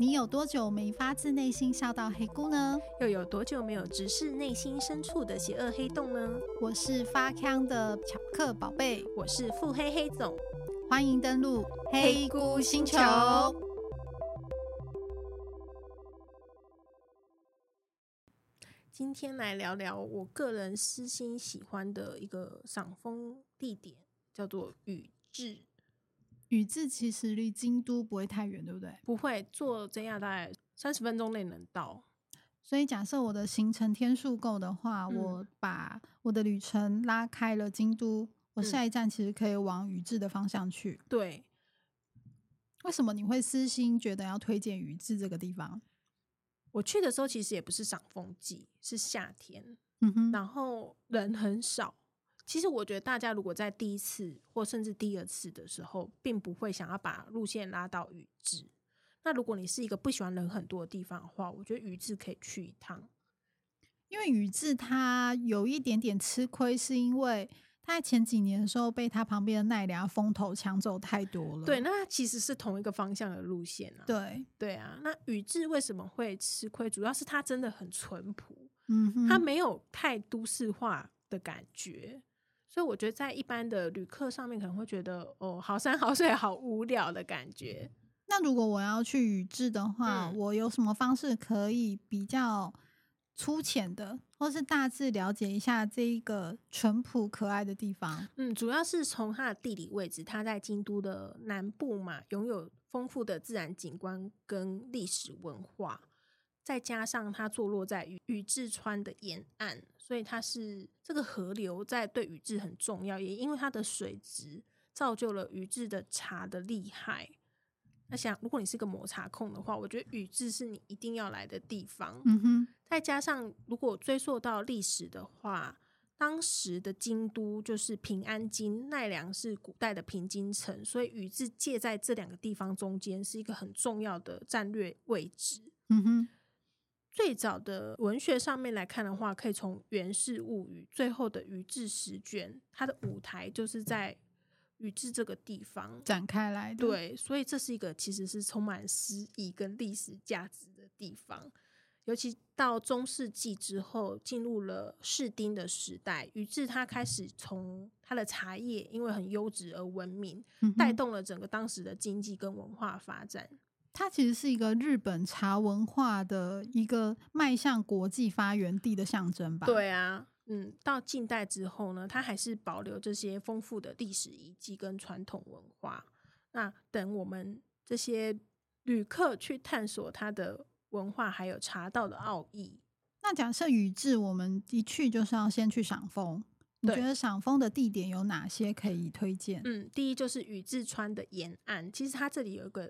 你有多久沒發自內心笑到黑菇呢？又有多久沒有直視內心深處的邪惡黑洞呢？我是發腔的巧克寶貝，我是腹黑黑總，歡迎登錄黑菇星球。星球今天來聊聊我個人私心喜歡的一個賞楓地點，叫做宇治。宇治其實離京都不會太遠，對不對？不會，坐 JR 大概三十分鐘內能到。所以假設我的行程天數夠的話，嗯、我把我的旅程拉開了京都，我下一站其實可以往宇治的方向去。嗯、對，為什麼你會私心覺得要推薦宇治這個地方？我去的時候其實也不是賞楓季，是夏天，嗯哼，然後人很少。其實我覺得大家如果在第一次或甚至第二次的時候，並不會想要把路線拉到宇治。嗯。那如果你是一個不喜歡人很多的地方的話，我覺得宇治可以去一趟。因為宇治它有一點點吃虧，是因為它在前幾年的時候被它旁邊的奈良風頭搶走太多了。對，那它其實是同一個方向的路線啊。對，對啊。那宇治為什麼會吃虧？主要是它真的很淳樸，嗯哼，它沒有太都市化的感覺。所以我覺得，在一般的旅客上面可能會覺得哦，好山好水，好無聊的感覺。那如果我要去宇治的話，嗯、我有什麼方式可以比較粗淺的，或是大致了解一下這一個淳樸可愛的地方？嗯，主要是從它的地理位置，它在京都的南部嘛，擁有豐富的自然景觀跟歷史文化。再加上它坐落在宇宇治川的沿岸，所以它是這個河流在對宇治很重要。也因為它的水質造就了宇治的茶的厲害。那想如果你是個抹茶控的話，我覺得宇治是你一定要來的地方。嗯哼。再加上如果追溯到歷史的話，當時的京都就是平安京，奈良是古代的平京城，所以宇治介在這兩個地方中間，是一個很重要的戰略位置。嗯哼。最早的文學上面來看的話，可以從《源氏物語》最後的宇治十卷，它的舞台就是在宇治這個地方展開來的。對，所以這是一個其實是充滿詩意跟歷史價值的地方。尤其到中世紀之後，進入了室町的時代，宇治它開始從它的茶葉因為很優質而聞名，嗯、哼帶動了整個當時的經濟跟文化發展。它其實是一個日本茶文化的一個邁向國際發源地的象徵吧？對啊，嗯，到近代之後呢，它還是保留這些豐富的歷史遺跡跟傳統文化。那等我們這些旅客去探索它的文化，還有茶道的奧義。那假設宇治我們一去就是要先去賞楓，你覺得賞楓的地點有哪些可以推薦？嗯，第一就是宇治川的沿岸，其實它這裡有一個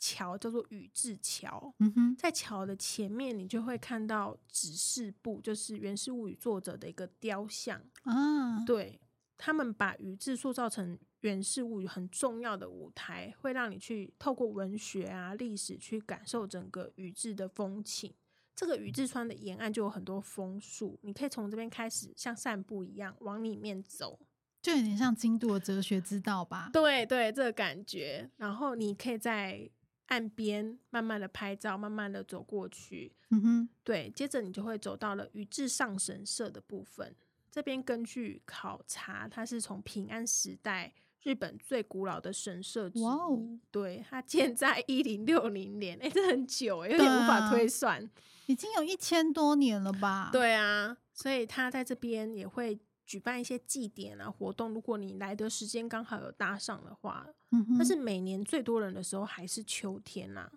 橋叫做宇治橋，嗯、哼在橋的前面，你就會看到紫式部，就是《源氏物語》作者的一個雕像啊。對，他們把宇治塑造成《源氏物語》很重要的舞台，會讓你去透過文學啊、歷史去感受整個宇治的風情。這個宇治川的沿岸就有很多楓樹，你可以從這邊開始像散步一樣往裡面走，就有點像京都的哲學之道吧。 對對，這個感覺。然後你可以在。岸邊慢慢的拍照，慢慢的走過去。嗯哼，對。接着你就會走到了宇治上神社的部分。這邊根據考察，它是從平安時代日本最古老的神社之一。哇哦！對，它建在一零六零年，誒、欸，這很久、欸，有點無法推算、啊，已經有一千多年了吧？對啊，所以它在這邊也會。舉辦一些祭典啊活動，如果你來的時間剛好有搭上的話，嗯、哼但是每年最多人的時候還是秋天吶、啊。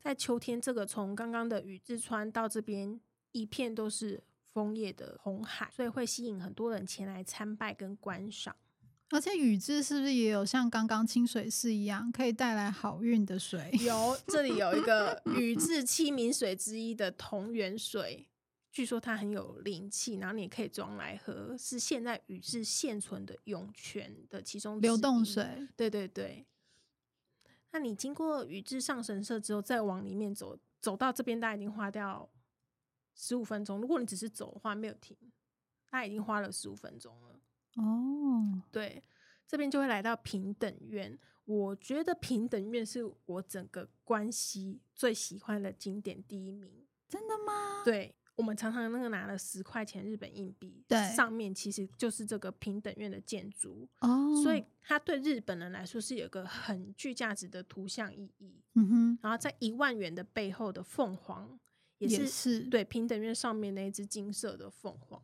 在秋天，這個從剛剛的宇治川到這邊一片都是楓葉的紅海，所以會吸引很多人前來參拜跟觀賞。而且宇治是不是也有像剛剛清水寺一樣可以帶來好運的水？有，這裡有一個宇治七名水之一的桐原水。據說它很有靈氣，然後你也可以裝來喝。是現在宇治現存的湧泉的其中流動水，對對對。那你經過宇治上神社之後，再往裡面走，走到這邊，大概已經花掉十五分鐘。如果你只是走的話，沒有停，他已經花了十五分鐘了。哦，對，這邊就會來到平等院。我覺得平等院是我整個關西最喜歡的景點第一名。真的嗎？對。我們常常那個拿了十塊錢日本硬幣，對，上面其實就是這個平等院的建築哦，所以它對日本人來說是有一個很具價值的圖像意義。嗯哼，然後在一萬元的背後的鳳凰也是，也是對平等院上面那一隻金色的鳳凰。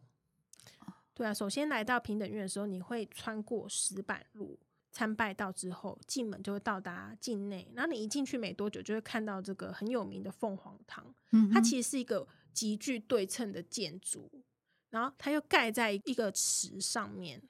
哦、對啊，首先來到平等院的時候，你會穿過石板路參拜道之後，進門就會到達境內。然後你一進去沒多久，就會看到這個很有名的鳳凰堂。嗯哼，它其實是一個。極具對稱的建築，然後它又蓋在一個池上面，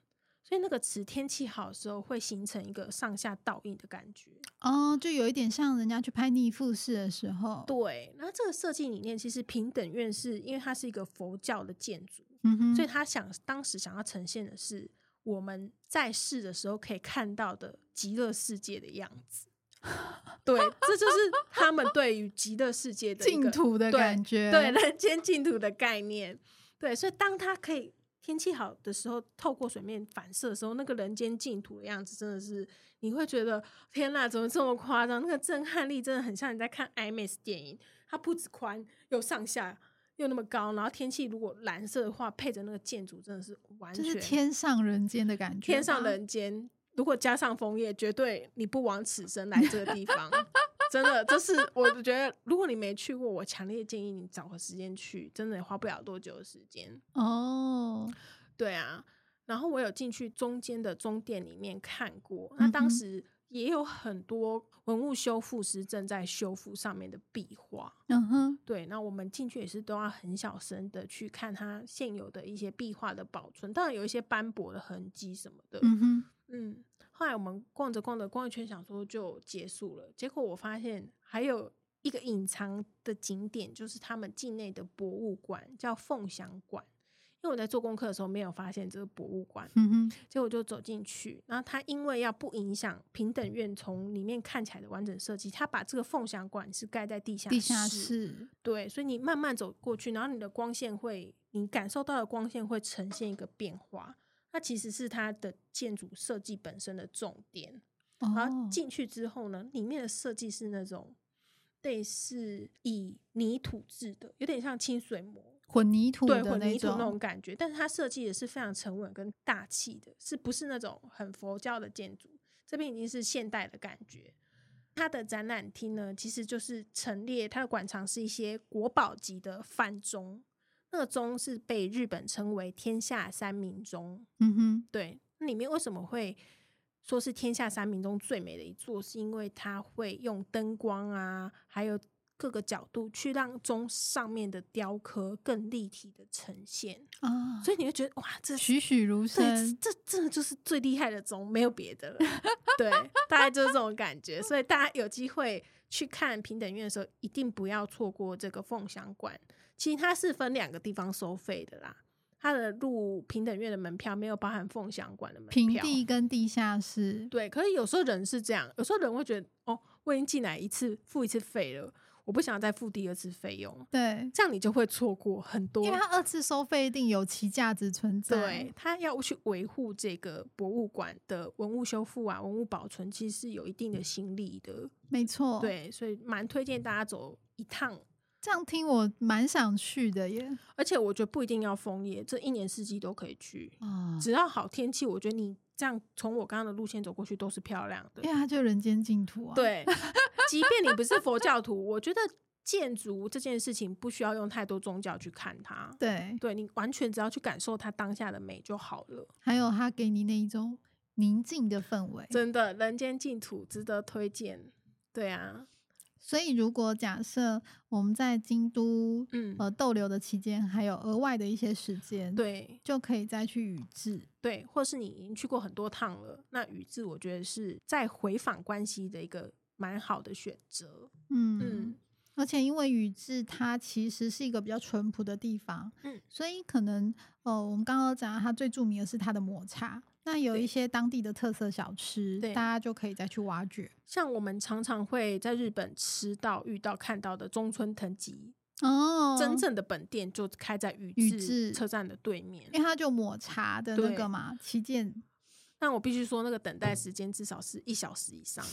所以那個池天氣好的時候會形成一個上下倒映的感覺。哦，就有一點像人家去拍逆富士的時候。對，那這個設計理念其實平等院是因為它是一個佛教的建築，嗯哼，所以他想當時想要呈現的是我們在世的時候可以看到的極樂世界的樣子。 對，這就是他們對於極樂世界的、的淨土的感覺，對,對人間淨土的概念。對，所以當它可以天氣好的時候，透過水面反射的時候，那個人間淨土的樣子，真的是你會覺得天哪，怎麼這麼誇張？那個震撼力真的很像你在看 IMAX 電影。它不止寬，又上下又那麼高，然後天氣如果藍色的話，配着那個建築，真的是完全這是天上人間的感覺，天上人間。如果加上楓葉，絕對你不枉此生來這個地方， 真的，就是我覺得，如果你沒去過，我強烈建議你找個時間去，真的也花不了多久的時間。哦，對啊。然後我有進去中間的中殿裡面看過，嗯哼。那當時也有很多文物修復師正在修復上面的壁畫。嗯哼，對。那我們進去也是都要很小聲的去看它現有的一些壁畫的保存，當然有一些斑駁的痕跡什麼的。嗯哼。嗯，後來我們逛着逛着逛一圈，想說就結束了。結果我發現還有一個隱藏的景點，就是他們境內的博物館，叫鳳翔館。因為我在做功課的時候沒有發現這個博物館，嗯哼。結果我就走進去，然後他因為要不影響平等院從裡面看起來的完整設計，他把這個鳳翔館是蓋在地下，地下室，下室對。所以你慢慢走過去，然後你的光線會，你感受到的光線會呈現一個變化。它其實是它的建築設計本身的重點，哦、然後進去之後呢，裡面的設計是那種類似以泥土制的，有點像清水模、混凝土的，對混凝土那種感覺。但是它設計也是非常沉穩跟大氣的，是不是那種很佛教的建築？這邊已經是現代的感覺。它的展覽廳呢，其實就是陳列它的館藏是一些國寶級的梵鐘。那個鐘是被日本稱為天下三名鐘，嗯哼，對，那裡面為什麼會說是天下三名鐘最美的一座？是因為它會用燈光啊，還有。各個角度去讓鐘上面的雕刻更立體的呈現啊，哦、所以你會覺得哇，這栩栩如生，這這就是最厲害的鐘，沒有別的了。 對，大概就是這種感覺。所以大家有機會去看平等院的時候，一定不要錯過這個鳳翔館。其實它是分兩個地方收費的啦，它的入平等院的門票沒有包含鳳翔館的門票，平地跟地下室。對，可是有時候人是這樣，有時候人會覺得哦，我已經進來一次，付一次費了。我不想要再付第二次費用，對，這樣你就會錯過很多。因為它二次收費一定有其價值存在，對，他要去維護這個博物館的文物修復啊、文物保存，其實是有一定的心理的，嗯、沒錯。對，所以蠻推薦大家走一趟。這樣聽我蠻想去的耶，而且我覺得不一定要楓葉，這一年四季都可以去、哦、只要好天氣，我覺得你。這樣從我剛剛的路線走過去都是漂亮的，對，因為它就是人間淨土啊。對，即便你不是佛教徒， 我覺得建築這件事情不需要用太多宗教去看它。對，對你完全只要去感受它當下的美就好了，還有它給你那種寧靜的氛圍，真的人間淨土值得推薦。對啊。所以，如果假設我們在京都，嗯，呃，逗留的期間還有額外的一些時間，對，就可以再去宇治，對，或者是你已經去過很多趟了，那宇治我覺得是再回訪關係的一個蠻好的選擇，嗯，嗯，而且因為宇治它其實是一個比較淳樸的地方，嗯，所以可能，呃，我們剛剛講到它最著名的是它的抹茶。那有一些當地的特色小吃，對大家就可以再去挖掘。像我們常常會在日本吃到、遇到、看到的中村藤吉、哦、真正的本店就開在宇治車站的對面，因為它就抹茶的那個嘛對旗艦艦。那我必須說，那個等待時間至少是一小時以上，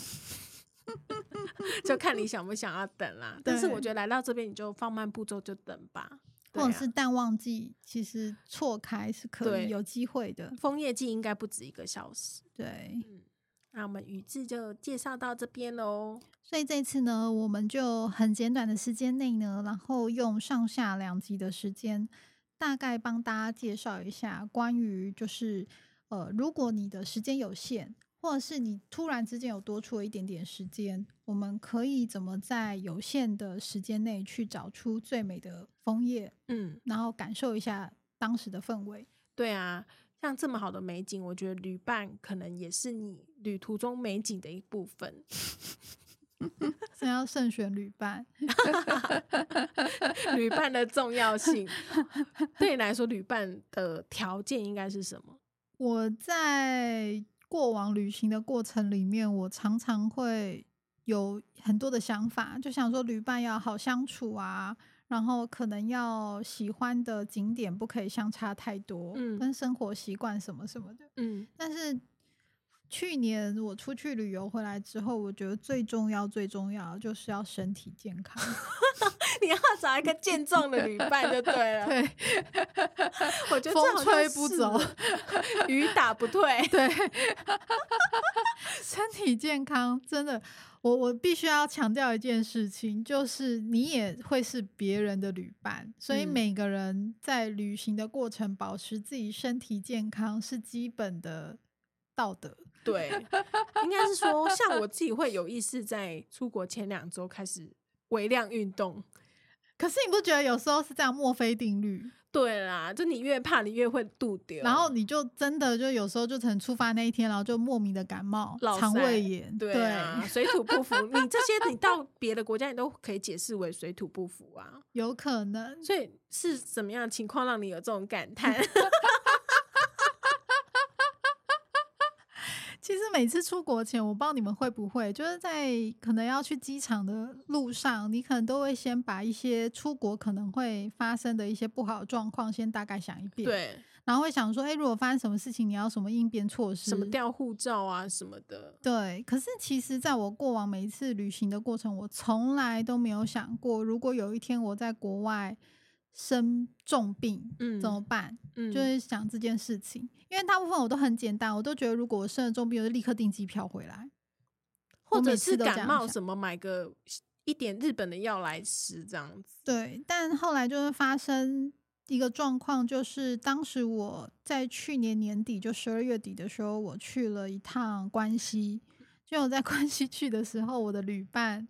嗯、 就看你想不想要等啦。對但是我覺得來到這邊，你就放慢步驟，就等吧。或者是淡旺季，啊、其實錯開是可以對有機會的。楓葉季應該不止一個小時，對、嗯。那我們遊記就介紹到這邊嘍。所以這次呢，我們就很簡短的時間內呢，然後用上下兩集的時間，大概幫大家介紹一下關於就是呃，如果你的時間有限，或者是你突然之間有多出了一點點時間，我們可以怎麼在有限的時間內去找出最美的楓葉？嗯，然後感受一下當時的氛圍。對啊，像這麼好的美景，我覺得旅伴可能也是你旅途中美景的一部分。嗯，所以要慎選旅伴， 旅伴的重要性，對你來說，旅伴的條件應該是什麼？我在。過往旅行的過程裡面，我常常會有很多的想法，就想說旅伴要好相處啊，然後可能要喜歡的景點不可以相差太多，嗯。跟生活習慣什麼什麼的，嗯。但是去年我出去旅遊回來之後，我覺得最重要、最重要就是要身體健康。 你要找一個健壯的旅伴就對了。對， 我覺得 風吹不走， 雨打不退。對， 身體健康真的，我我必須要強調一件事情，就是你也會是別人的旅伴，所以每個人在旅行的過程，保持自己身體健康是基本的道德。對， 應該是說，像我自己會有意識，在出國前兩周開始微量運動。可是你不覺得有時候是這樣，墨菲定律？對啦，就你越怕，你越會渡掉。然後你就真的就有時候就成出發那一天，然後就莫名的感冒、落塞，腸胃炎，對啊，對水土不服。 你這些你到別的國家，你都可以解釋為水土不服啊，有可能。所以是什麼樣情況讓你有這種感嘆？ 其實每次出國前，我不知道你們會不會，就是在可能要去機場的路上，你可能都會先把一些出國可能會發生的一些不好的狀況先大概想一遍。對，然後會想說，哎，如果發生什麼事情，你要什麼應變措施，什麼掉護照啊什麼的。對，可是其實在我過往每一次旅行的過程，我從來都沒有想過，如果有一天我在國外，生重病，嗯，怎麼辦？嗯，就是想這件事情，嗯、因為大部分我都很簡單，我都覺得如果我生了重病，我就立刻訂機票回來，或者是感冒什麼，買個一點日本的藥來吃，這樣子。對，但後來就是發生一個狀況，就是當時我在去年年底，就十二月底的時候，我去了一趟關西，就我在關西去的時候，我的旅伴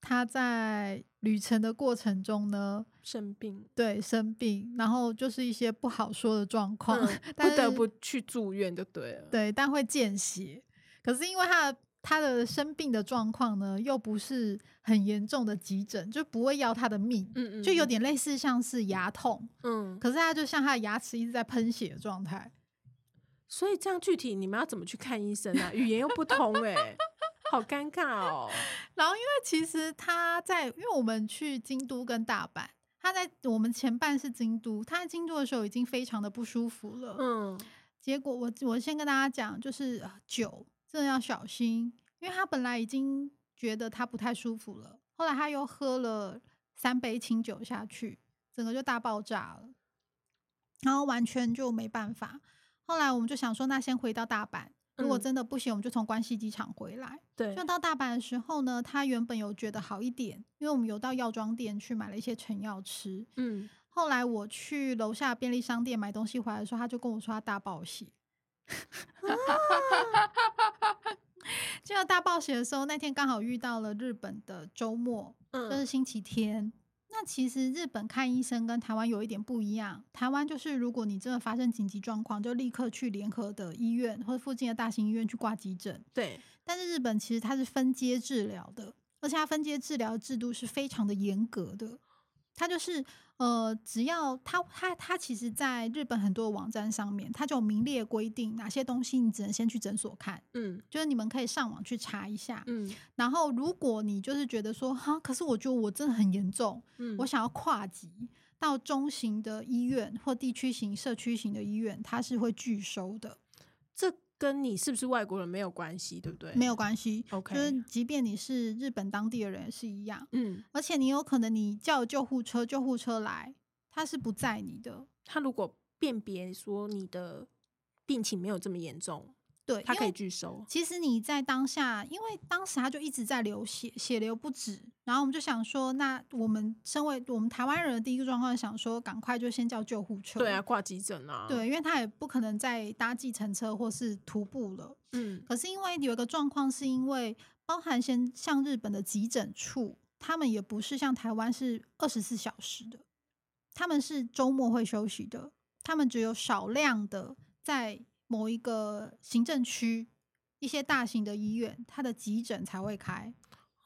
他在旅程的過程中呢，生病，對，生病，然後就是一些不好說的狀況，嗯、不得不去住院就對了。對，但會見血。可是因為他的他的生病的狀況呢，又不是很嚴重的急診，就不會要他的命。嗯嗯，就有點類似像是牙痛。嗯，可是他就像他的牙齒一直在噴血的狀態。所以這樣具體你們要怎麼去看醫生啊？語言又不通、欸，哎， 好尷尬哦。然後因為其實他在，因為我們去京都跟大阪。他在我們前半是京都，他在京都的時候已經非常的不舒服了。嗯，結果我我先跟大家講，就是酒真的要小心，因為他本來已經覺得他不太舒服了，後來他又喝了三杯清酒下去，整個就大爆炸了，然後完全就沒辦法。後來我們就想說，那先回到大阪。如果真的不行，嗯、我們就從關西機場回來。對，就到大阪的時候呢，他原本有覺得好一點，因為我們有到藥妝店去買了一些成藥吃。嗯，後來我去樓下的便利商店買東西回來的時候，他就跟我說他大暴血。哈哈哈哈哈！哈哈！就大暴血的時候，那天剛好遇到了日本的週末，嗯、就是星期天。那其實日本看醫生跟台灣有一點不一樣，台灣就是如果你真的發生緊急狀況，就立刻去聯合的醫院或者附近的大型醫院去掛急診。對，但是日本其實它是分階治療的，而且它分階治療制度是非常的嚴格的，它就是。呃，只要他他他，其實在日本很多的網站上面，他就有明列規定哪些東西你只能先去診所看，嗯，就是你們可以上網去查一下，嗯，然後如果你就是覺得說哈，可是我覺得我真的很嚴重，嗯，我想要跨級到中型的醫院或地區型社區型的醫院，他是會拒收的，這。跟你是不是外國人沒有關係，對不對？沒有關係，OK。就是即便你是日本當地的人，也是一樣。嗯，而且你有可能你叫救護車，救護車來，他是不載你的。他如果辨別說你的病情沒有這麼嚴重。對，他可以拒收。其實你在當下，因為當時他就一直在流血，血流不止。然後我們就想說，那我們身為我們台灣人的第一個狀況，想說趕快就先叫救護車。對啊，掛急診啊。對，因為他也不可能再搭計程車或是徒步了。嗯。可是因為有一個狀況，是因為包含先像日本的急診處，他們也不是像台灣是二十四小時的，他們是週末會休息的，他們只有少量的在。某一個行政區，一些大型的醫院，它的急診才會開。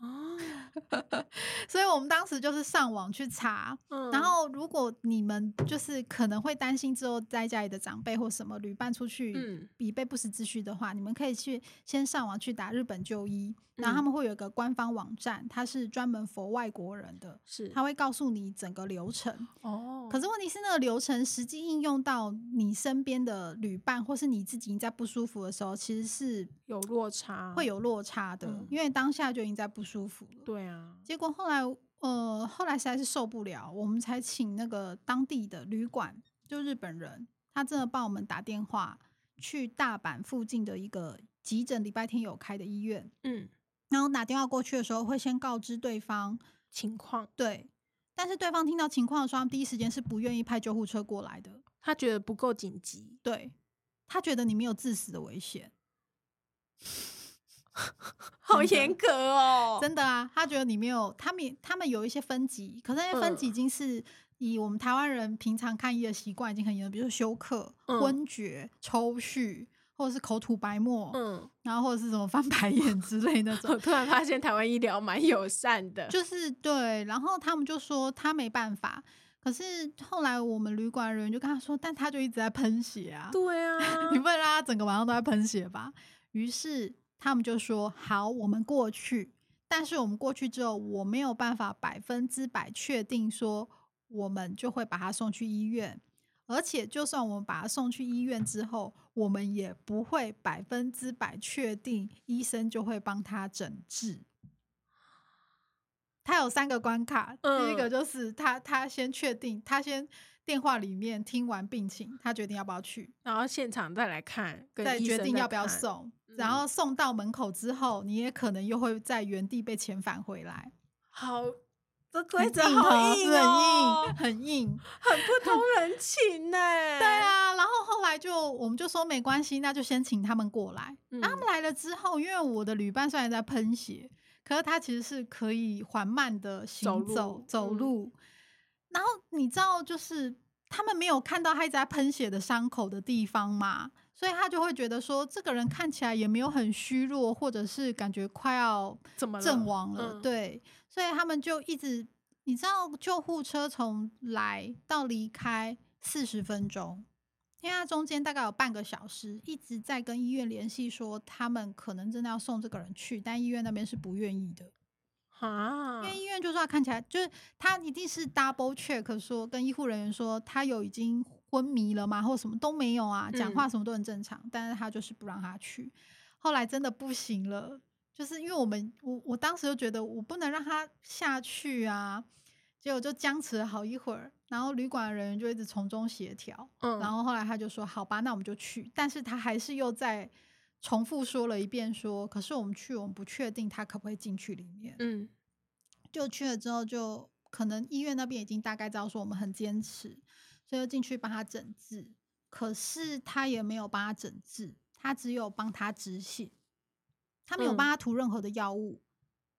哦， 所以我們當時就是上網去查，嗯、然後如果你們就是可能會擔心之後在家裡的長輩或什麼旅伴出去，嗯，以備不時之需的話，嗯、你們可以去先上網去打日本就醫，嗯、然後他們會有一個官方網站，他是專門 for 外國人的，是，他會告訴你整個流程。哦，可是問題是那個流程實際應用到你身邊的旅伴或是你自己在不舒服的時候，其實是有落差，會有落差的，差嗯、因為當下就已經在不舒服。舒服了，對啊。結果後來，呃，後來實在是受不了，我們才請那個當地的旅館，就日本人，他真的幫我們打電話去大阪附近的一個急診，禮拜天有開的醫院。嗯。然後打電話過去的時候，會先告知對方情況。對。但是對方聽到情況的時候，他第一時間是不願意派救護車過來的。他覺得不夠緊急。對。他覺得你沒有致死的危險。 好嚴格哦，真、真的啊,他覺得裡面有他們，他們有一些分級，可是那些分級已經是以我們台灣人平常看醫的習慣已經很嚴了，比如說休克、嗯、昏厥、抽搐，或者是口吐白沫，嗯、然後或者是什麼翻白眼之類的那種。 突然發現台灣醫療蠻友善的，就是對。然後他們就說他沒辦法，可是後來我們旅館的人就跟他說，但他就一直在噴血啊，對啊， 你不能讓他整個晚上都在噴血吧？於是。他們就說好，我們過去。但是我們過去之後，我沒有辦法百分之百確定說我們就會把他送去醫院。而且，就算我們把他送去醫院之後，我們也不會百分之百確定醫生就會幫他診治。他有三個關卡，第一個就是他，他先確定，他先。電話裡面聽完病情，他決定要不要去，然後現場再來看，跟看再決定要不要送，嗯、然後送到門口之後，你也可能又會在原地被遣返回來。好，這規則好硬哦、很硬哦、很硬， 很硬，很不通人情呢。 對啊，然後後來就我們就說沒關係，那就先請他們過來。他們、嗯、來了之後，因為我的旅伴雖然在噴血，可是他其實是可以緩慢的行走，走路。走路，嗯。然後你知道，就是他們沒有看到他一直在噴血的傷口的地方嘛，所以他就會覺得說，這個人看起來也沒有很虛弱，或者是感覺快要怎麼陣亡了。了？嗯。對，所以他們就一直，你知道，救護車從來到離開四十分鐘，因為他中間大概有半個小時一直在跟醫院聯繫，說他們可能真的要送這個人去，但醫院那邊是不願意的。啊，因為醫院就說他看起來，就是他一定是 double check，說跟醫護人員說他有已經昏迷了嗎，或者什麼都沒有啊，講話什麼都很正常，嗯、但是他就是不讓他去。後來真的不行了，就是因為我們我我當時就覺得我不能讓他下去啊，結果就僵持了好一會兒，然後旅館人員就一直從中協調，嗯，然後後來他就說好吧，那我們就去，但是他還是又在。重複說了一遍說，說可是我們去，我們不確定他可不可以進去裡面。嗯，就去了之後就，就可能醫院那邊已經大概知道說我們很堅持，所以就進去幫他診治。可是他也沒有幫他診治，他只有幫他止血，他沒有幫他塗任何的藥物，嗯、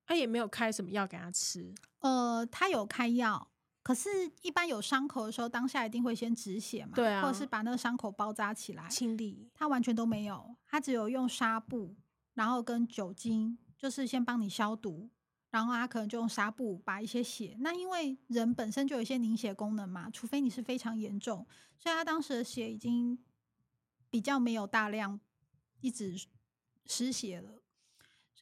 他也沒有開什麼藥給他吃。呃，他有開藥。可是，一般有傷口的時候，當下一定會先止血嘛，對啊，或者是把那個傷口包紮起來、清理。他完全都沒有，他只有用紗布，然後跟酒精，就是先幫你消毒，然後他可能就用紗布把一些血。那因為人本身就有一些凝血功能嘛，除非你是非常嚴重，所以他當時的血已經比較沒有大量一直失血了。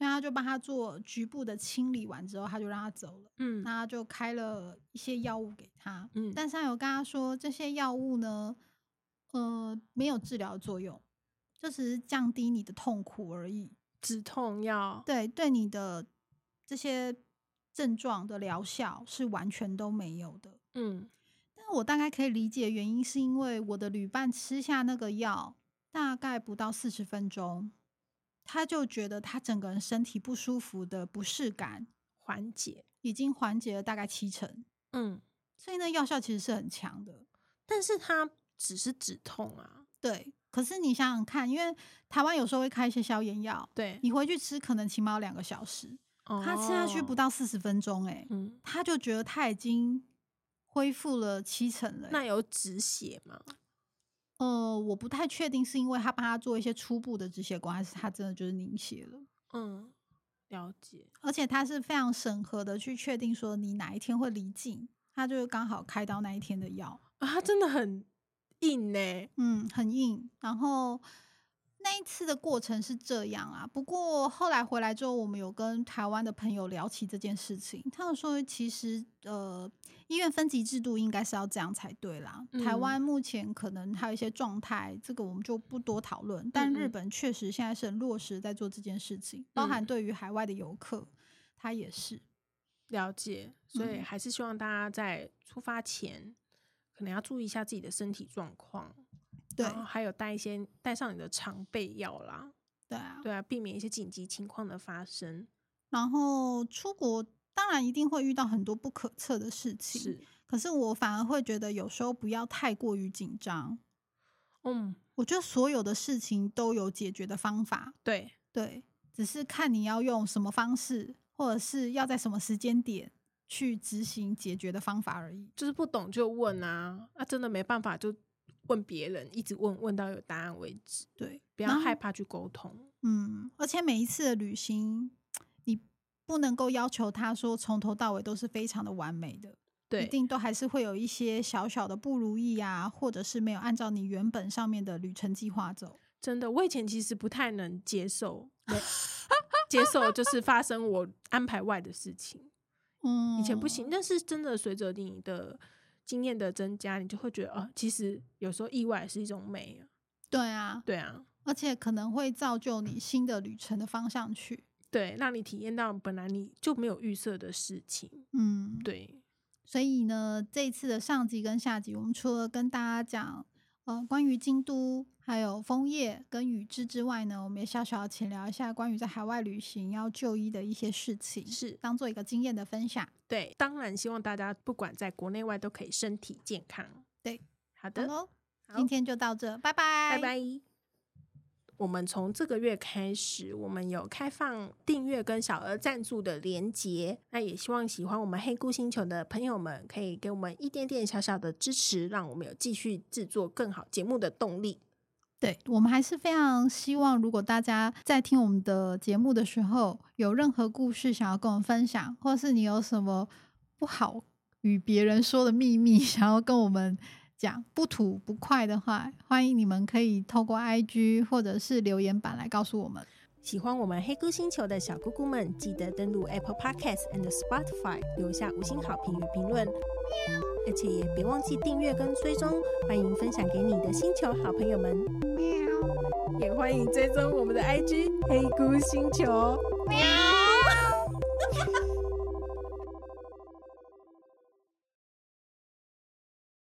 那他就幫他做局部的清理完之後，他就讓他走了。嗯，然後他就開了一些藥物給他。嗯，但是他有跟他說這些藥物呢，呃，沒有治療作用，就是降低你的痛苦而已。止痛藥？對，對你的這些症狀的療效是完全都沒有的。嗯，但我大概可以理解原因，是因為我的旅伴吃下那個藥，大概不到四十分鐘。他就覺得他整個人身體不舒服的不適感緩解，已經緩解了大概七成。嗯，所以呢，藥效其實是很強的，但是他只是止痛啊。對，可是你想想看，因為台灣有時候會開一些消炎藥，對，你回去吃可能起碼有兩個小時，哦、他吃下去不到四十分鐘、欸，哎、嗯，他就覺得他已經恢復了七成了、欸。那有止血嗎？呃、嗯，我不太確定，是因為他幫他做一些初步的止血管，還是他真的就是凝血了？嗯，了解。而且他是非常審核的去確定說你哪一天會離境，他就剛好開刀那一天的藥啊，他真的很硬呢、欸。嗯，很硬。然後。那一次的過程是這樣啊，不過後來回來之後，我們有跟台灣的朋友聊起這件事情，他有說其實呃醫院分級制度應該是要這樣才對啦。嗯、台灣目前可能還有一些狀態，這個我們就不多討論。嗯嗯、但日本確實現在是很落實在做這件事情，包含對於海外的遊客，他也是了解，所以還是希望大家在出發前、嗯、可能要注意一下自己的身體狀況。對，還有帶一些帶上你的常備藥啦。對啊，對啊，避免一些緊急情況的發生。然後出國，當然一定會遇到很多不可測的事情。是，可是我反而會覺得有時候不要太過於緊張。嗯，我覺得所有的事情都有解決的方法。對對，只是看你要用什麼方式，或者是要在什麼時間點去執行解決的方法而已。就是不懂就問啊，那對、啊、真的沒辦法就問別人，一直問問到有答案為止。對，不要害怕去溝通。嗯，而且每一次的旅行，你不能夠要求他說從頭到尾都是非常的完美的。對，一定都還是會有一些小小的不如意啊，或者是沒有按照你原本上面的旅程計劃走。真的，我以前其實不太能接受，對、 啊，接受就是發生我安排外的事情。嗯，以前不行，但是真的隨着你的。經驗的增加，你就會覺得哦、呃，其實有時候意外是一種美啊。對啊，對啊，而且可能會造就你新的旅程的方向去，對，讓你體驗到本來你就沒有預設的事情。嗯，對。所以呢，這一次的上集跟下集，我們除了跟大家講，呃，關於京都。還有楓葉跟雨枝之外呢，我們也小小淺聊一下關於在海外旅行要就醫的一些事情，是當做一個經驗的分享。對，當然希望大家不管在國內外都可以身體健康。對，好的，嗯哦、好今天就到這，好拜拜，拜拜 bye。我們從這個月開始，我們有開放訂閱跟小額贊助的連結。那也希望喜歡我們黑菇星球的朋友們，可以給我們一點點小小的支持，讓我們有繼續制作更好節目的動力。對，我們還是非常希望，如果大家在聽我們的節目的時候有任何故事想要跟我們分享，或是你有什麼不好與別人說的秘密想要跟我們講，不吐不快的話，歡迎你們可以透過 IG 或者是留言板來告訴我們。喜歡我們黑菇星球的小菇菇們，記得登錄 Apple Podcasts and Spotify，留下五星好評與評論，喵。而且也別忘記訂閱跟追蹤，歡迎分享給你的星球好朋友們，喵。也歡迎追蹤我們的 IG 黑菇星球。喵。